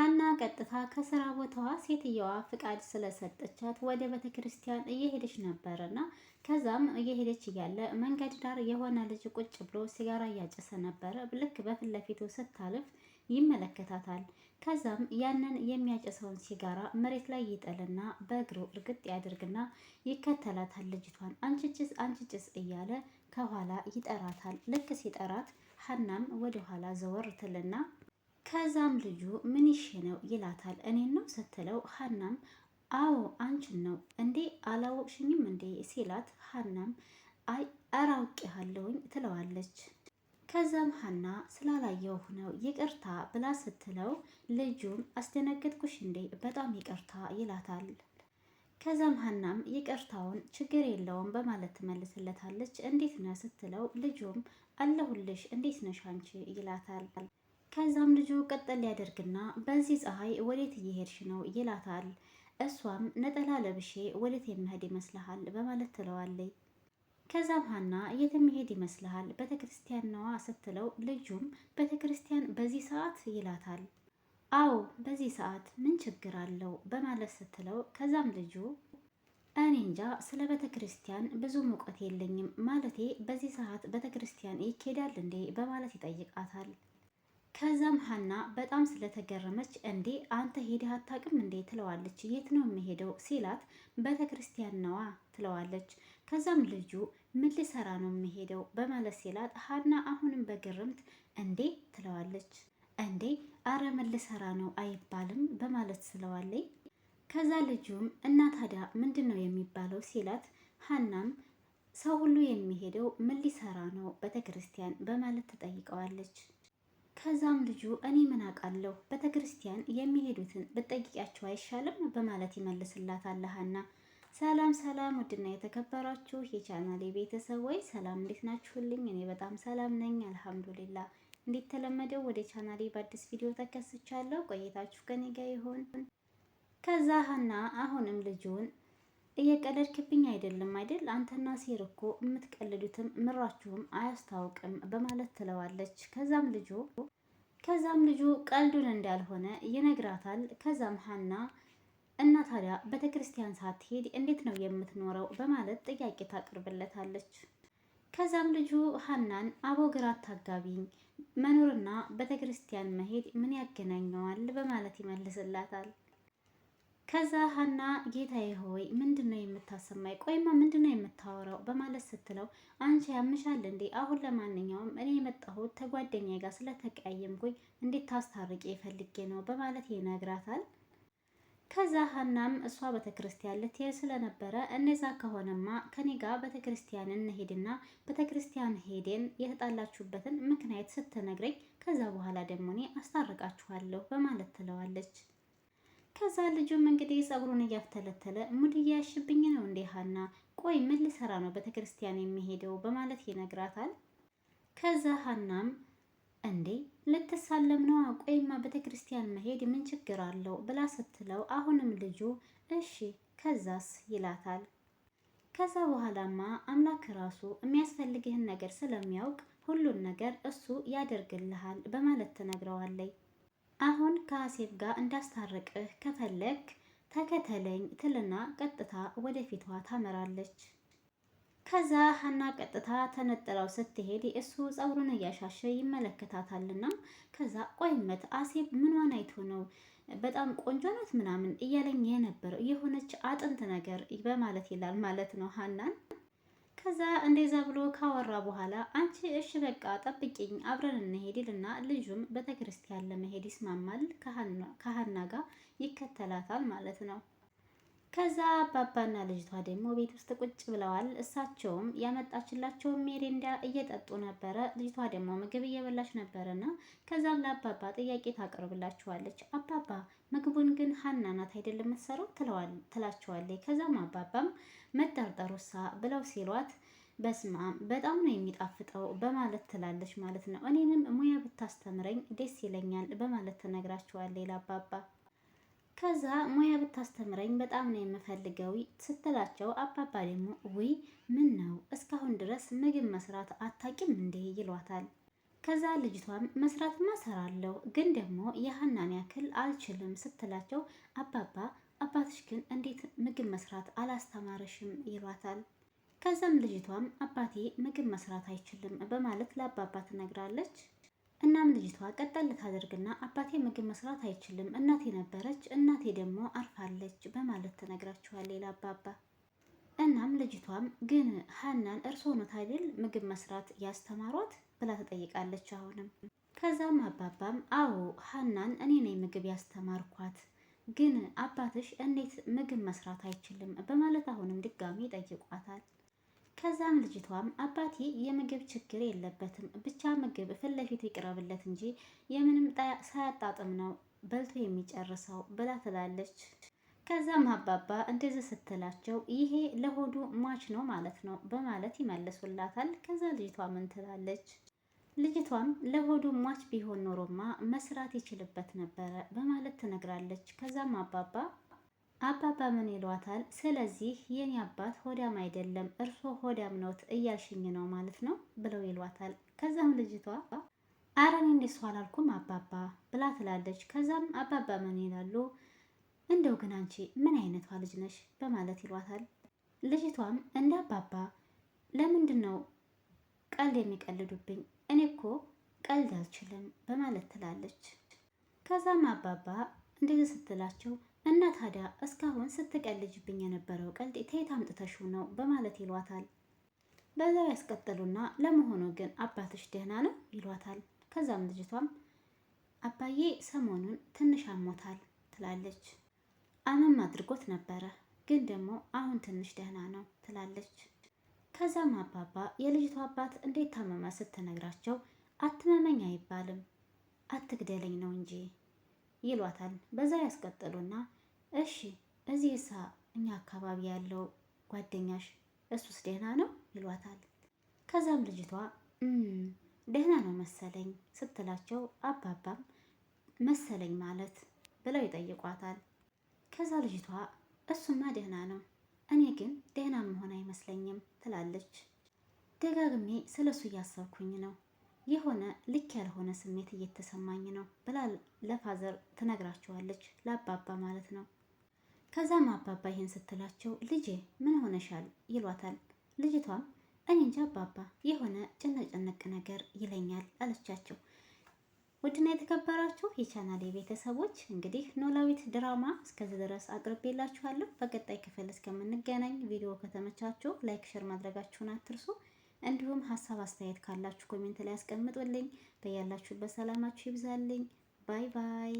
ሀና ቀጥታ ከስራ ቦታዋ ሴትየዋ ፍቃድ ስለሰጠቻት ወደ ቤተ ክርስቲያን እየሄደች ነበረና ከዛም እየሄደች እያለ መንገድ ዳር የሆነ ልጅ ቁጭ ብሎ ሲጋራ እያጨሰ ነበረ። ልክ በፊት ለፊቱ ስታልፍ ይመለከታታል። ከዛም ያንን የሚያጨሰውን ሲጋራ መሬት ላይ ይጥልና በእግሩ እርግጥ ያደርግና ይከተላታል። ልጅቷን አንችችስ አንችችስ እያለ ከኋላ ይጠራታል። ልክ ሲጠራት ሀናም ወደኋላ ዘወር ትልና ከዛም ልጁ ምንሽ ነው ይላታል። እኔን ነው ስትለው ሀናም አዎ አንቺን ነው እንዴ አላወቅሽኝም እንዴ ሲላት ሀናም አይ ያለውኝ ትለዋለች። ከዛም ሀና ስላላየው ነው ይቅርታ ብላ ስትለው ልጁም አስደነገጥኩሽ እንዴ በጣም ይቅርታ ይላታል። ከዛም ሀናም ይቅርታውን ችግር የለውም በማለት ትመልስለታለች። እንዴት ነህ ስትለው ልጁም አለሁልሽ እንዴት ነሽ አንቺ ይላታል። ከዛም ልጁ ቀጠል ያደርግና በዚህ ፀሐይ ወዴት እየሄድሽ ነው ይላታል። እሷም ነጠላ ለብሼ ወዴት የምሄድ ይመስልሃል በማለት ትለዋለች። ከዛም ሀና የት የሚሄድ ይመስልሃል ቤተ ነዋ ስትለው ልጁም ቤተክርስቲያን በዚህ ሰዓት ይላታል። አዎ በዚህ ሰዓት ምን ችግር አለው በማለት ስትለው ከዛም ልጁ እኔ እንጃ ስለ ቤተ ክርስቲያን ሙቀት እውቀት የለኝም ማለቴ በዚህ ሰዓት ቤተ ክርስቲያን ይኬዳል እንዴ በማለት ይጠይቃታል። ከዛም ሀና በጣም ስለተገረመች እንዴ አንተ ሄደህ አታውቅም እንዴ ትለዋለች። የት ነው የምሄደው ሲላት ቤተ ክርስቲያን ነዋ ትለዋለች። ከዛም ልጁ ምን ልሰራ ነው የምሄደው በማለት ሲላት ሀና አሁንም በግርምት እንዴ ትለዋለች። እንዴ አረ ምን ልሰራ ነው አይባልም በማለት ስለዋለይ ከዛ ልጁም እና ታዲያ ምንድን ነው የሚባለው ሲላት ሀናም ሰው ሁሉ የሚሄደው ምን ሊሰራ ነው ቤተ ክርስቲያን በማለት ትጠይቀዋለች። ከዛም ልጁ እኔ ምን አውቃለሁ ቤተ ክርስቲያን የሚሄዱትን ብጠይቂያቸው አይሻልም በማለት ይመልስላታል ሀና። ሰላም ሰላም፣ ውድና የተከበራችሁ የቻናሌ ቤተሰቦች ሰላም፣ እንዴት ናችሁልኝ? እኔ በጣም ሰላም ነኝ አልሐምዱሊላ። እንደተለመደው ወደ ቻናሌ በአዲስ ቪዲዮ ተከስቻለሁ። ቆይታችሁ ከኔ ጋር ይሆን? ከዛ ሀና አሁንም ልጁን እየቀለድክብኝ አይደለም አይደል? አንተና ሴር እኮ የምትቀልዱትም ምራችሁም አያስታውቅም በማለት ትለዋለች። ከዛም ልጁ ከዛም ልጁ ቀልዱን እንዳልሆነ ይነግራታል። ከዛም ሀና እና ታዲያ ቤተ ክርስቲያን ሳትሄድ እንዴት ነው የምትኖረው በማለት ጥያቄ ታቀርብለታለች። ከዛም ልጁ ሀናን አቦ ግራ አታጋቢኝ፣ መኖርና ቤተ ክርስቲያን መሄድ ምን ያገናኘዋል በማለት ይመልስላታል። ከዛ ሀና ጌታዬ ሆይ ምንድን ነው የምታሰማኝ? ቆይማ ምንድን ነው የምታወራው? በማለት ስትለው አንቺ ያምሻል እንዴ? አሁን ለማንኛውም እኔ የመጣሁት ተጓደኛ ጋር ስለተቀያየምኩኝ እንዴት ታስታርቂ ፈልጌ ነው በማለት ይነግራታል። ከዛ ሀናም እሷ ቤተክርስቲያን ልትሄድ ስለነበረ እነዛ ከሆነማ ከኔ ጋር ቤተክርስቲያን እንሄድና ቤተክርስቲያን ሄደን የተጣላችሁበትን ምክንያት ስትነግረኝ ከዛ በኋላ ደግሞ እኔ አስታርቃችኋለሁ በማለት ትለዋለች። ከዛ ልጁም እንግዲህ ጸጉሩን እያፍተለተለ ሙድ ያሽብኝ ነው እንዴ ሀና፣ ቆይ ምን ልሰራ ነው ቤተ ክርስቲያን የሚሄደው በማለት ይነግራታል። ከዛ ሀናም እንዴ ልትሳለም ነው ቆይማ ቤተ ክርስቲያን መሄድ ምን ችግር አለው ብላ ስትለው አሁንም ልጁ እሺ ከዛስ ይላታል። ከዛ በኋላማ አምላክ ራሱ የሚያስፈልግህን ነገር ስለሚያውቅ ሁሉን ነገር እሱ ያደርግልሃል በማለት ትነግረዋለች። አሁን ከአሴብ ጋር እንዳስታርቅህ ከፈለግ ተከተለኝ ትልና ቀጥታ ወደ ፊቷ ታመራለች። ከዛ ሀና ቀጥታ ተነጥለው ስትሄድ እሱ ፀጉሩን እያሻሸ ይመለከታታልና ከዛ ቆይመት አሴብ ምኗን አይቶ ነው በጣም ቆንጆ ናት ምናምን እያለኝ የነበረው የሆነች አጥንት ነገር በማለት ይላል ማለት ነው ሀናን ከዛ እንደዛ ብሎ ካወራ በኋላ አንቺ እሺ በቃ ጠብቂኝ አብረን ይልና ልጁም ቤተክርስቲያን ለመሄድ ይስማማል። ከሀና ጋር ይከተላታል ማለት ነው። ከዛ አባባና ልጅቷ ደግሞ ቤት ውስጥ ቁጭ ብለዋል። እሳቸውም ያመጣችላቸውን ሜሬንዳ እየጠጡ ነበረ። ልጅቷ ደግሞ ምግብ እየበላች ነበረና ከዛም ለአባባ ጥያቄ ታቀርብላችኋለች። አባባ ምግቡን ግን ሀና ናት አይደለም የምትሰራው ትላቸዋለች። ከዛም አባባም ሳ ብለው ሲሏት በስማ በጣም ነው የሚጣፍጠው በማለት ትላለች ማለት ነው። እኔንም ሙያ ብታስተምረኝ ደስ ይለኛል በማለት ትነግራቸዋለች ለአባባ። ከዛ ሙያ ብታስተምረኝ በጣም ነው የምፈልገው ስትላቸው አባባ ደግሞ ውይ ምን ነው እስካሁን ድረስ ምግብ መስራት አታቂም እንዴ? ይሏታል። ከዛ ልጅቷን መስራትማ እሰራለሁ ግን ደግሞ የሀናን ያክል አልችልም ስትላቸው አባባ አባትሽ ግን እንዴት ምግብ መስራት አላስተማረሽም ይሏታል። ከዛም ልጅቷም አባቴ ምግብ መስራት አይችልም በማለት ለአባባ ትነግራለች። እናም ልጅቷ ቀጠል ታደርግና አባቴ ምግብ መስራት አይችልም፣ እናቴ ነበረች፣ እናቴ ደግሞ አርፋለች በማለት ሌላ አባባ። እናም ልጅቷም ግን ሀናን እርስዎ ኖት አይደል ምግብ መስራት ያስተማሯት ብላ ትጠይቃለች። አሁንም ከዛም አባባም አዎ ሀናን እኔ ነኝ ምግብ ያስተማርኳት፣ ግን አባትሽ እንዴት ምግብ መስራት አይችልም በማለት አሁንም ድጋሚ ይጠይቋታል። ከዛም ልጅቷም አባቴ የምግብ ችግር የለበትም ብቻ ምግብ ፊት ለፊት ይቅረብለት እንጂ የምንም ሳያጣጥም ነው በልቶ የሚጨርሰው ብላ ትላለች። ከዛም አባባ እንደዚህ ስትላቸው ይሄ ለሆዱ ሟች ነው ማለት ነው በማለት ይመልሱላታል። ከዛ ልጅቷ ምን ትላለች? ልጅቷም ለሆዱ ሟች ቢሆን ኖሮማ መስራት ይችልበት ነበረ በማለት ትነግራለች። ከዛም አባባ አባባ ምን ይሏታል? ስለዚህ የኔ አባት ሆዳም አይደለም እርሶ ሆዳም ነውት እያልሽኝ ነው ማለት ነው ብለው ይሏታል። ከዛም ልጅቷ አረኔ እኔ እንደሱ አላልኩም አባባ ብላ ትላለች። ከዛም አባባ ምን ይላሉ? እንደው ግን አንቺ ምን አይነቷ ልጅ ነሽ በማለት ይሏታል። ልጅቷም እንደ አባባ ለምንድን ነው ቀልድ የሚቀልዱብኝ እኔ እኮ ቀልድ አልችልም በማለት ትላለች። ከዛም አባባ እንደዚህ ስትላቸው እና ታዲያ እስካሁን ስትቀልጅብኝ የነበረው ቀልድ ከየት አምጥተሽው ነው በማለት ይሏታል። በዛው ያስቀጥሉና ለመሆኑ ግን አባትሽ ደህና ነው ይሏታል። ከዛም ልጅቷም አባዬ ሰሞኑን ትንሽ አሞታል ትላለች። አመም አድርጎት ነበረ ግን ደግሞ አሁን ትንሽ ደህና ነው ትላለች። ከዛም አባባ የልጅቷ አባት እንዴት ታመመ ስትነግራቸው አትመመኝ አይባልም አትግደለኝ ነው እንጂ ይሏታል። በዛ ያስቀጥሉና እሺ እዚህ ሳ እኛ አካባቢ ያለው ጓደኛሽ እሱስ ደህና ነው ይሏታል። ከዛም ልጅቷ ደህና ነው መሰለኝ ስትላቸው አባባም መሰለኝ ማለት ብለው ይጠይቋታል። ከዛ ልጅቷ እሱማ ደህና ነው እኔ ግን ደህና መሆን አይመስለኝም ትላለች። ደጋግሜ ስለሱ እያሰብኩኝ ነው የሆነ ልክ ያልሆነ ስሜት እየተሰማኝ ነው ብላ ለፋዘር ትነግራቸዋለች፣ ለአባባ ማለት ነው። ከዛም አባባ ይህን ስትላቸው ልጄ ምን ሆነሻል ይሏታል። ልጅቷም እኔ እንጃ አባባ የሆነ ጭንቅጭንቅ ነገር ይለኛል አለቻቸው። ውድና የተከበራችሁ የቻናል ቤተሰቦች እንግዲህ ኖላዊት ድራማ እስከዚህ ድረስ አቅርቤላችኋለሁ። በቀጣይ ክፍል እስከምንገናኝ ቪዲዮ ከተመቻችሁ ላይክ፣ ሸር ማድረጋችሁን አትርሱ። እንዲሁም ሀሳብ አስተያየት ካላችሁ ኮሜንት ላይ አስቀምጡልኝ በያላችሁበት ሰላማችሁ ይብዛልኝ። ባይ ባይ